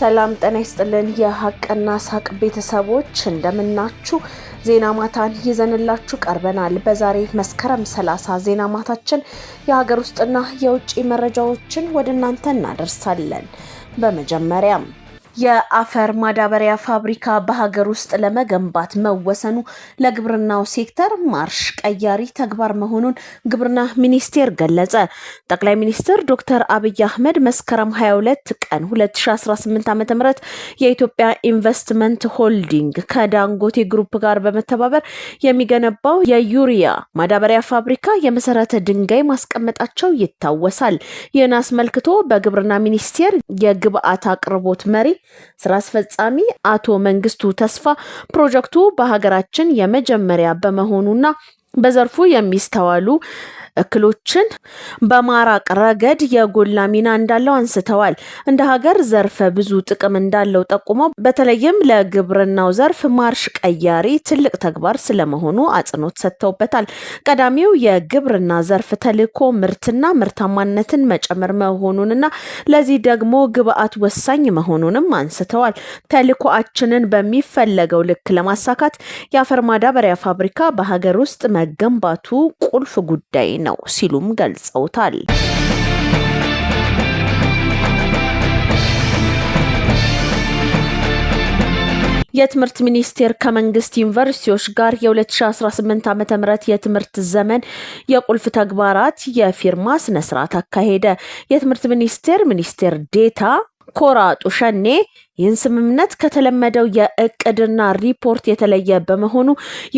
ሰላም ጤና ይስጥልን። የሀቅና ሳቅ ቤተሰቦች እንደምናችሁ። ዜና ማታን ይዘንላችሁ ቀርበናል። በዛሬ መስከረም 30 ዜና ማታችን የሀገር ውስጥና የውጭ መረጃዎችን ወደ እናንተ እናደርሳለን። በመጀመሪያም የአፈር ማዳበሪያ ፋብሪካ በሀገር ውስጥ ለመገንባት መወሰኑ ለግብርናው ሴክተር ማርሽ ቀያሪ ተግባር መሆኑን ግብርና ሚኒስቴር ገለጸ። ጠቅላይ ሚኒስትር ዶክተር አብይ አህመድ መስከረም 22 ቀን 2018 ዓ ም የኢትዮጵያ ኢንቨስትመንት ሆልዲንግ ከዳንጎቴ ግሩፕ ጋር በመተባበር የሚገነባው የዩሪያ ማዳበሪያ ፋብሪካ የመሰረተ ድንጋይ ማስቀመጣቸው ይታወሳል። ይህን አስመልክቶ በግብርና ሚኒስቴር የግብአት አቅርቦት መሪ ስራ አስፈጻሚ አቶ መንግስቱ ተስፋ ፕሮጀክቱ በሀገራችን የመጀመሪያ በመሆኑና በዘርፉ የሚስተዋሉ እክሎችን በማራቅ ረገድ የጎላ ሚና እንዳለው አንስተዋል። እንደ ሀገር ዘርፈ ብዙ ጥቅም እንዳለው ጠቁመው በተለይም ለግብርናው ዘርፍ ማርሽ ቀያሪ ትልቅ ተግባር ስለመሆኑ አጽንኦት ሰጥተውበታል። ቀዳሚው የግብርና ዘርፍ ተልዕኮ ምርትና ምርታማነትን መጨመር መሆኑንና ለዚህ ደግሞ ግብአት ወሳኝ መሆኑንም አንስተዋል። ተልዕኮአችንን በሚፈለገው ልክ ለማሳካት የአፈር ማዳበሪያ ፋብሪካ በሀገር ውስጥ መገንባቱ ቁልፍ ጉዳይ ነው ሲሉም ገልጸውታል። የትምህርት ሚኒስቴር ከመንግስት ዩኒቨርሲቲዎች ጋር የ2018 ዓ ም የትምህርት ዘመን የቁልፍ ተግባራት የፊርማ ስነስርዓት አካሄደ። የትምህርት ሚኒስቴር ሚኒስቴር ዴታ ኮራ ጡሸኔ ይህን ስምምነት ከተለመደው የእቅድና ሪፖርት የተለየ በመሆኑ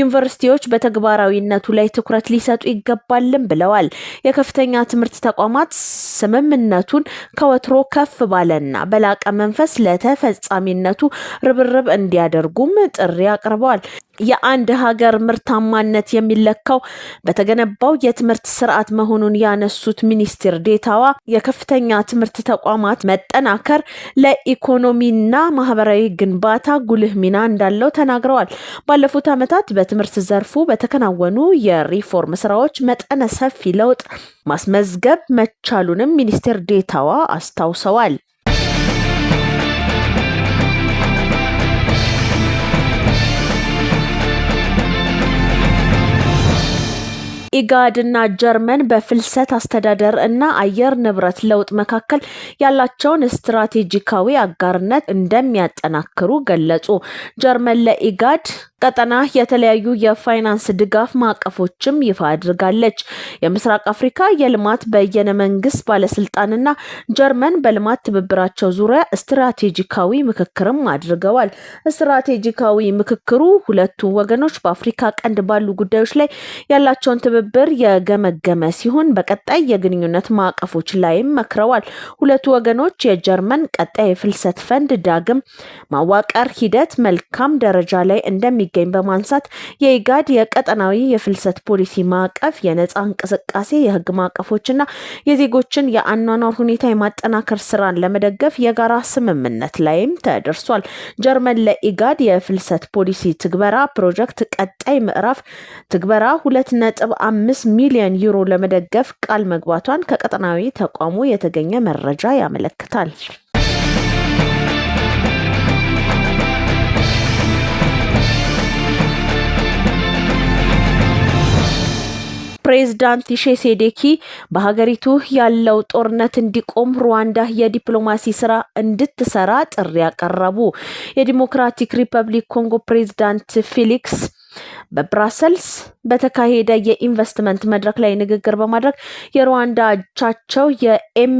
ዩኒቨርሲቲዎች በተግባራዊነቱ ላይ ትኩረት ሊሰጡ ይገባልም ብለዋል። የከፍተኛ ትምህርት ተቋማት ስምምነቱን ከወትሮ ከፍ ባለና በላቀ መንፈስ ለተፈጻሚነቱ ርብርብ እንዲያደርጉም ጥሪ አቅርበዋል። የአንድ ሀገር ምርታማነት የሚለካው በተገነባው የትምህርት ስርዓት መሆኑን ያነሱት ሚኒስትር ዴታዋ የከፍተኛ ትምህርት ተቋማት መጠናከር ለኢኮኖሚ ኢኮኖሚና ማህበራዊ ግንባታ ጉልህ ሚና እንዳለው ተናግረዋል። ባለፉት ዓመታት በትምህርት ዘርፉ በተከናወኑ የሪፎርም ስራዎች መጠነ ሰፊ ለውጥ ማስመዝገብ መቻሉንም ሚኒስቴር ዴታዋ አስታውሰዋል። ኢጋድና ጀርመን በፍልሰት አስተዳደር እና አየር ንብረት ለውጥ መካከል ያላቸውን ስትራቴጂካዊ አጋርነት እንደሚያጠናክሩ ገለጹ። ጀርመን ለኢጋድ ቀጠና የተለያዩ የፋይናንስ ድጋፍ ማዕቀፎችም ይፋ አድርጋለች። የምስራቅ አፍሪካ የልማት በየነ መንግስት ባለስልጣንና ጀርመን በልማት ትብብራቸው ዙሪያ ስትራቴጂካዊ ምክክርም አድርገዋል። ስትራቴጂካዊ ምክክሩ ሁለቱ ወገኖች በአፍሪካ ቀንድ ባሉ ጉዳዮች ላይ ያላቸውን ትብብር የገመገመ ሲሆን በቀጣይ የግንኙነት ማዕቀፎች ላይም መክረዋል። ሁለቱ ወገኖች የጀርመን ቀጣይ የፍልሰት ፈንድ ዳግም ማዋቀር ሂደት መልካም ደረጃ ላይ እንደሚ እንደሚገኝ በማንሳት የኢጋድ የቀጠናዊ የፍልሰት ፖሊሲ ማዕቀፍ የነፃ እንቅስቃሴ የህግ ማዕቀፎችና የዜጎችን የአኗኗር ሁኔታ የማጠናከር ስራን ለመደገፍ የጋራ ስምምነት ላይም ተደርሷል። ጀርመን ለኢጋድ የፍልሰት ፖሊሲ ትግበራ ፕሮጀክት ቀጣይ ምዕራፍ ትግበራ ሁለት ነጥብ አምስት ሚሊዮን ዩሮ ለመደገፍ ቃል መግባቷን ከቀጠናዊ ተቋሙ የተገኘ መረጃ ያመለክታል። ፕሬዝዳንት ሺሴዴኪ በሀገሪቱ ያለው ጦርነት እንዲቆም ሩዋንዳ የዲፕሎማሲ ስራ እንድትሰራ ጥሪ ያቀረቡ የዲሞክራቲክ ሪፐብሊክ ኮንጎ ፕሬዝዳንት ፊሊክስ በብራሰልስ በተካሄደ የኢንቨስትመንት መድረክ ላይ ንግግር በማድረግ የሩዋንዳ አቻቸው የኤም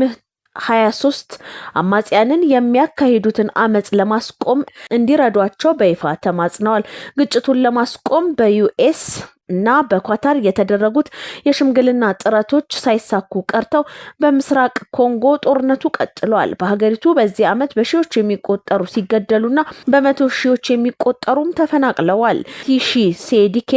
23 አማጽያንን የሚያካሂዱትን አመፅ ለማስቆም እንዲረዷቸው በይፋ ተማጽነዋል። ግጭቱን ለማስቆም በዩኤስ እና በኳታር የተደረጉት የሽምግልና ጥረቶች ሳይሳኩ ቀርተው በምስራቅ ኮንጎ ጦርነቱ ቀጥሏል። በሀገሪቱ በዚህ ዓመት በሺዎች የሚቆጠሩ ሲገደሉና በመቶ ሺዎች የሚቆጠሩም ተፈናቅለዋል። ቲሺ ሴዲኬ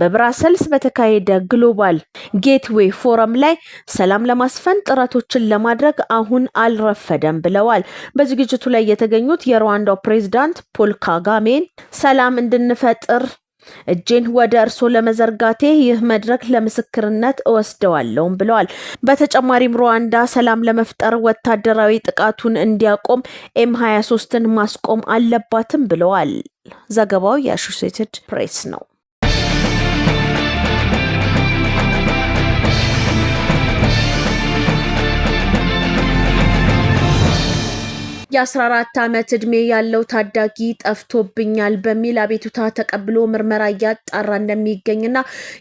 በብራሰልስ በተካሄደ ግሎባል ጌትዌይ ፎረም ላይ ሰላም ለማስፈን ጥረቶችን ለማድረግ አሁን አልረፈደም ብለዋል። በዝግጅቱ ላይ የተገኙት የሩዋንዳው ፕሬዚዳንት ፖል ካጋሜን ሰላም እንድንፈጥር እጄን ወደ እርስዎ ለመዘርጋቴ ይህ መድረክ ለምስክርነት እወስደዋለውም ብለዋል። በተጨማሪም ሩዋንዳ ሰላም ለመፍጠር ወታደራዊ ጥቃቱን እንዲያቆም ኤም 23ን ማስቆም አለባትም ብለዋል። ዘገባው የአሶሴትድ ፕሬስ ነው። የ14 ዓመት ዕድሜ ያለው ታዳጊ ጠፍቶብኛል በሚል አቤቱታ ተቀብሎ ምርመራ እያጣራ እንደሚገኝና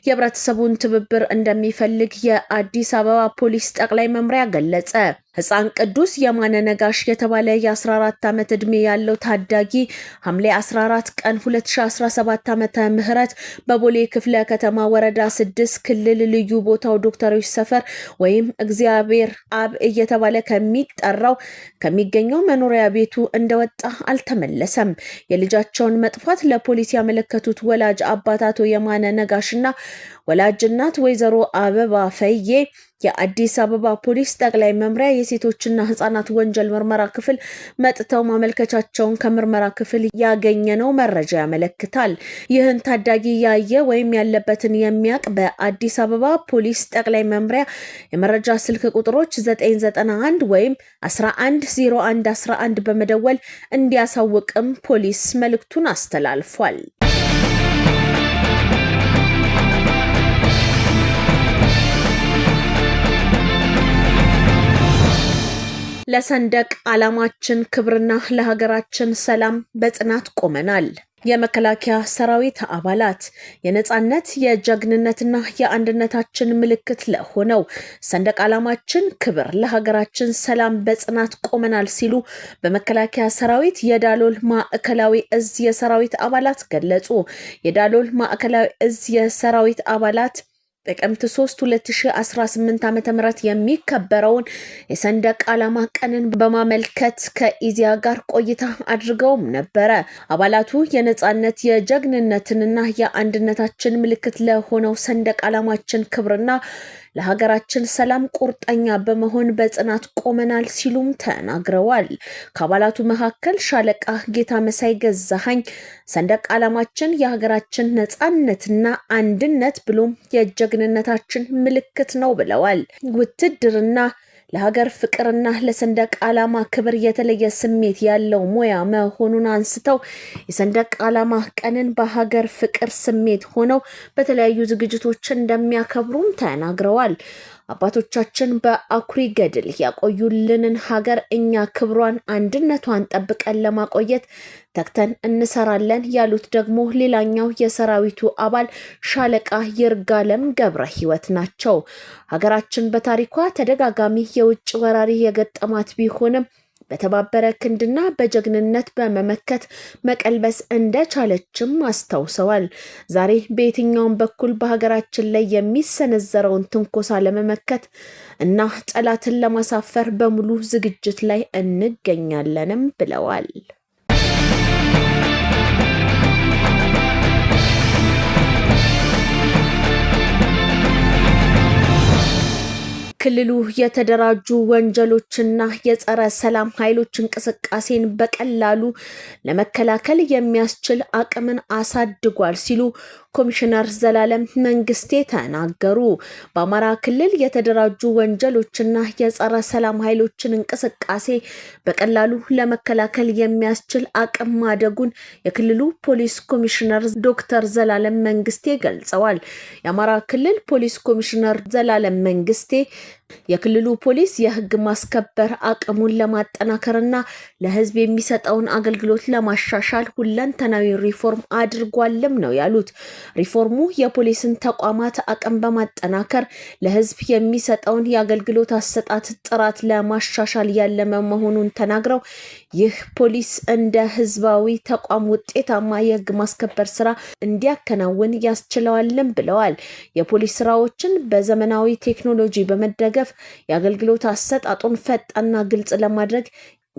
የህብረተሰቡን ትብብር እንደሚፈልግ የአዲስ አበባ ፖሊስ ጠቅላይ መምሪያ ገለጸ። ህፃን ቅዱስ የማነ ነጋሽ የተባለ የ14 ዓመት ዕድሜ ያለው ታዳጊ ሐምሌ 14 ቀን 2017 ዓ ምህረት በቦሌ ክፍለ ከተማ ወረዳ ስድስት ክልል ልዩ ቦታው ዶክተሮች ሰፈር ወይም እግዚአብሔር አብ እየተባለ ከሚጠራው ከሚገኘው መኖሪያ ቤቱ እንደወጣ አልተመለሰም። የልጃቸውን መጥፋት ለፖሊስ ያመለከቱት ወላጅ አባት አቶ የማነ ነጋሽና ወላጅ እናት ወይዘሮ አበባ ፈዬ የአዲስ አበባ ፖሊስ ጠቅላይ መምሪያ የሴቶችና ህጻናት ወንጀል ምርመራ ክፍል መጥተው ማመልከቻቸውን ከምርመራ ክፍል ያገኘነው መረጃ ያመለክታል። ይህን ታዳጊ ያየ ወይም ያለበትን የሚያውቅ በአዲስ አበባ ፖሊስ ጠቅላይ መምሪያ የመረጃ ስልክ ቁጥሮች 991 ወይም 110111 በመደወል እንዲያሳውቅም ፖሊስ መልእክቱን አስተላልፏል። ለሰንደቅ ዓላማችን ክብርና ለሀገራችን ሰላም በጽናት ቆመናል። የመከላከያ ሰራዊት አባላት የነጻነት የጀግንነትና የአንድነታችን ምልክት ለሆነው ሰንደቅ ዓላማችን ክብር ለሀገራችን ሰላም በጽናት ቆመናል ሲሉ በመከላከያ ሰራዊት የዳሎል ማዕከላዊ እዝ የሰራዊት አባላት ገለጹ። የዳሎል ማዕከላዊ እዝ የሰራዊት አባላት ጥቅምት 3 2018 ዓ ም የሚከበረውን የሰንደቅ ዓላማ ቀንን በማመልከት ከኢዜአ ጋር ቆይታ አድርገውም ነበረ። አባላቱ የነፃነት የጀግንነትንና የአንድነታችን ምልክት ለሆነው ሰንደቅ ዓላማችን ክብርና ለሀገራችን ሰላም ቁርጠኛ በመሆን በጽናት ቆመናል ሲሉም ተናግረዋል። ከአባላቱ መካከል ሻለቃ ጌታ መሳይ ገዛሀኝ ሰንደቅ ዓላማችን የሀገራችን ነጻነትና አንድነት ብሎም የጀግንነታችን ምልክት ነው ብለዋል። ውትድርና ለሀገር ፍቅርና ለሰንደቅ ዓላማ ክብር የተለየ ስሜት ያለው ሙያ መሆኑን አንስተው የሰንደቅ ዓላማ ቀንን በሀገር ፍቅር ስሜት ሆነው በተለያዩ ዝግጅቶች እንደሚያከብሩም ተናግረዋል። አባቶቻችን በአኩሪ ገድል ያቆዩልንን ሀገር እኛ ክብሯን፣ አንድነቷን ጠብቀን ለማቆየት ተግተን እንሰራለን ያሉት ደግሞ ሌላኛው የሰራዊቱ አባል ሻለቃ ይርጋለም ገብረ ሕይወት ናቸው። ሀገራችን በታሪኳ ተደጋጋሚ የውጭ ወራሪ የገጠማት ቢሆንም በተባበረ ክንድና በጀግንነት በመመከት መቀልበስ እንደቻለችም አስታውሰዋል። ዛሬ በየትኛውም በኩል በሀገራችን ላይ የሚሰነዘረውን ትንኮሳ ለመመከት እና ጠላትን ለማሳፈር በሙሉ ዝግጅት ላይ እንገኛለንም ብለዋል። በክልሉ የተደራጁ ወንጀሎችና የጸረ ሰላም ኃይሎች እንቅስቃሴን በቀላሉ ለመከላከል የሚያስችል አቅምን አሳድጓል ሲሉ ኮሚሽነር ዘላለም መንግስቴ ተናገሩ። በአማራ ክልል የተደራጁ ወንጀሎችና የጸረ ሰላም ኃይሎችን እንቅስቃሴ በቀላሉ ለመከላከል የሚያስችል አቅም ማደጉን የክልሉ ፖሊስ ኮሚሽነር ዶክተር ዘላለም መንግስቴ ገልጸዋል። የአማራ ክልል ፖሊስ ኮሚሽነር ዘላለም መንግስቴ የክልሉ ፖሊስ የህግ ማስከበር አቅሙን ለማጠናከርና ለህዝብ የሚሰጠውን አገልግሎት ለማሻሻል ሁለንተናዊ ሪፎርም አድርጓልም ነው ያሉት። ሪፎርሙ የፖሊስን ተቋማት አቅም በማጠናከር ለህዝብ የሚሰጠውን የአገልግሎት አሰጣት ጥራት ለማሻሻል ያለመ መሆኑን ተናግረው ይህ ፖሊስ እንደ ህዝባዊ ተቋም ውጤታማ የህግ ማስከበር ስራ እንዲያከናውን ያስችለዋልን ብለዋል። የፖሊስ ስራዎችን በዘመናዊ ቴክኖሎጂ በመደገፍ የአገልግሎት አሰጣጡን ፈጣንና ግልጽ ለማድረግ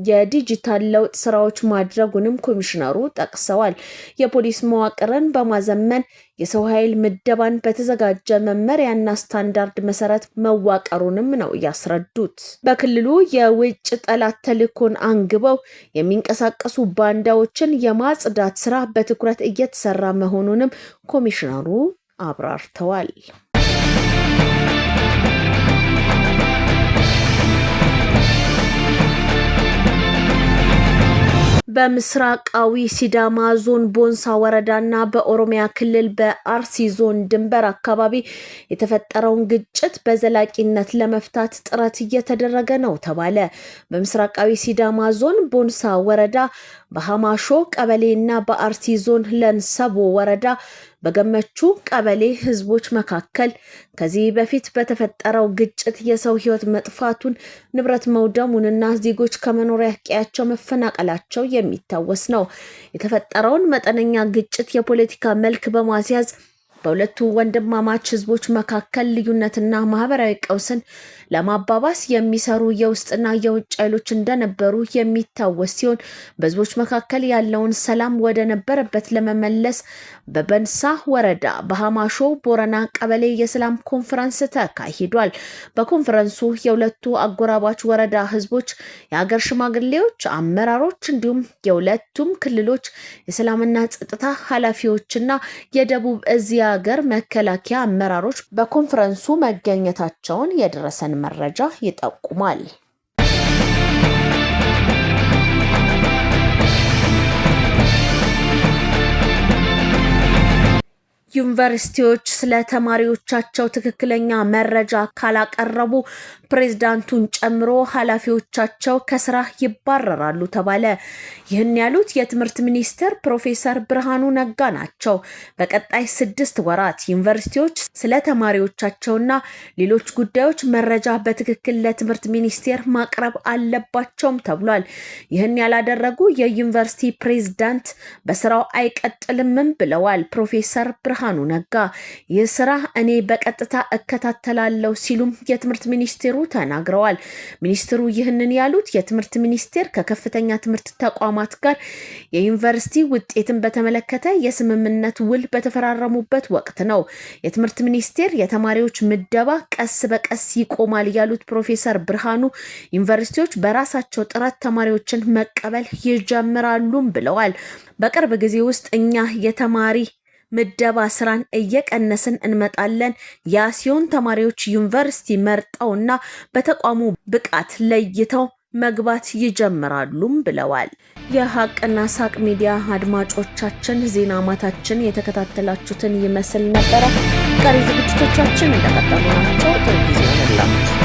የዲጂታል ለውጥ ስራዎች ማድረጉንም ኮሚሽነሩ ጠቅሰዋል። የፖሊስ መዋቅርን በማዘመን የሰው ኃይል ምደባን በተዘጋጀ መመሪያና ስታንዳርድ መሰረት መዋቀሩንም ነው ያስረዱት። በክልሉ የውጭ ጠላት ተልዕኮን አንግበው የሚንቀሳቀሱ ባንዳዎችን የማጽዳት ስራ በትኩረት እየተሰራ መሆኑንም ኮሚሽነሩ አብራርተዋል። በምስራቃዊ ሲዳማ ዞን ቦንሳ ወረዳና በኦሮሚያ ክልል በአርሲ ዞን ድንበር አካባቢ የተፈጠረውን ግጭት በዘላቂነት ለመፍታት ጥረት እየተደረገ ነው ተባለ። በምስራቃዊ ሲዳማ ዞን ቦንሳ ወረዳ በሐማሾ ቀበሌና በአርሲ ዞን ለንሰቦ ወረዳ በገመቹ ቀበሌ ህዝቦች መካከል ከዚህ በፊት በተፈጠረው ግጭት የሰው ህይወት መጥፋቱን ንብረት መውደሙንና ዜጎች ከመኖሪያ ቀያቸው መፈናቀላቸው የሚታወስ ነው። የተፈጠረውን መጠነኛ ግጭት የፖለቲካ መልክ በማስያዝ በሁለቱ ወንድማማች ህዝቦች መካከል ልዩነትና ማህበራዊ ቀውስን ለማባባስ የሚሰሩ የውስጥና የውጭ ኃይሎች እንደነበሩ የሚታወስ ሲሆን በህዝቦች መካከል ያለውን ሰላም ወደ ነበረበት ለመመለስ በበንሳ ወረዳ በሃማሾ ቦረና ቀበሌ የሰላም ኮንፈረንስ ተካሂዷል። በኮንፈረንሱ የሁለቱ አጎራባች ወረዳ ህዝቦች፣ የሀገር ሽማግሌዎች፣ አመራሮች እንዲሁም የሁለቱም ክልሎች የሰላምና ጸጥታ ኃላፊዎችና የደቡብ እዚያ የሀገር መከላከያ አመራሮች በኮንፈረንሱ መገኘታቸውን የደረሰን መረጃ ይጠቁማል። ዩኒቨርሲቲዎች ስለ ተማሪዎቻቸው ትክክለኛ መረጃ ካላቀረቡ ፕሬዝዳንቱን ጨምሮ ኃላፊዎቻቸው ከስራ ይባረራሉ ተባለ። ይህን ያሉት የትምህርት ሚኒስትር ፕሮፌሰር ብርሃኑ ነጋ ናቸው። በቀጣይ ስድስት ወራት ዩኒቨርሲቲዎች ስለ ተማሪዎቻቸውና ሌሎች ጉዳዮች መረጃ በትክክል ለትምህርት ሚኒስቴር ማቅረብ አለባቸውም ተብሏል። ይህን ያላደረጉ የዩኒቨርሲቲ ፕሬዝዳንት በስራው አይቀጥልምም ብለዋል ፕሮፌሰር ብርሃኑ ብርሃኑ ነጋ ይህ ስራ እኔ በቀጥታ እከታተላለሁ ሲሉም የትምህርት ሚኒስቴሩ ተናግረዋል። ሚኒስትሩ ይህንን ያሉት የትምህርት ሚኒስቴር ከከፍተኛ ትምህርት ተቋማት ጋር የዩኒቨርሲቲ ውጤትን በተመለከተ የስምምነት ውል በተፈራረሙበት ወቅት ነው። የትምህርት ሚኒስቴር የተማሪዎች ምደባ ቀስ በቀስ ይቆማል ያሉት ፕሮፌሰር ብርሃኑ ዩኒቨርሲቲዎች በራሳቸው ጥረት ተማሪዎችን መቀበል ይጀምራሉም ብለዋል። በቅርብ ጊዜ ውስጥ እኛ የተማሪ ምደባ ስራን እየቀነስን እንመጣለን። ያ ሲሆን ተማሪዎች ዩኒቨርሲቲ መርጠውና በተቋሙ ብቃት ለይተው መግባት ይጀምራሉም ብለዋል። የሀቅና ሳቅ ሚዲያ አድማጮቻችን ዜና ማታችን የተከታተላችሁትን ይመስል ነበረ። ቀሪ ዝግጅቶቻችን እንደቀጠሉ ናቸው። ጥሩ ጊዜ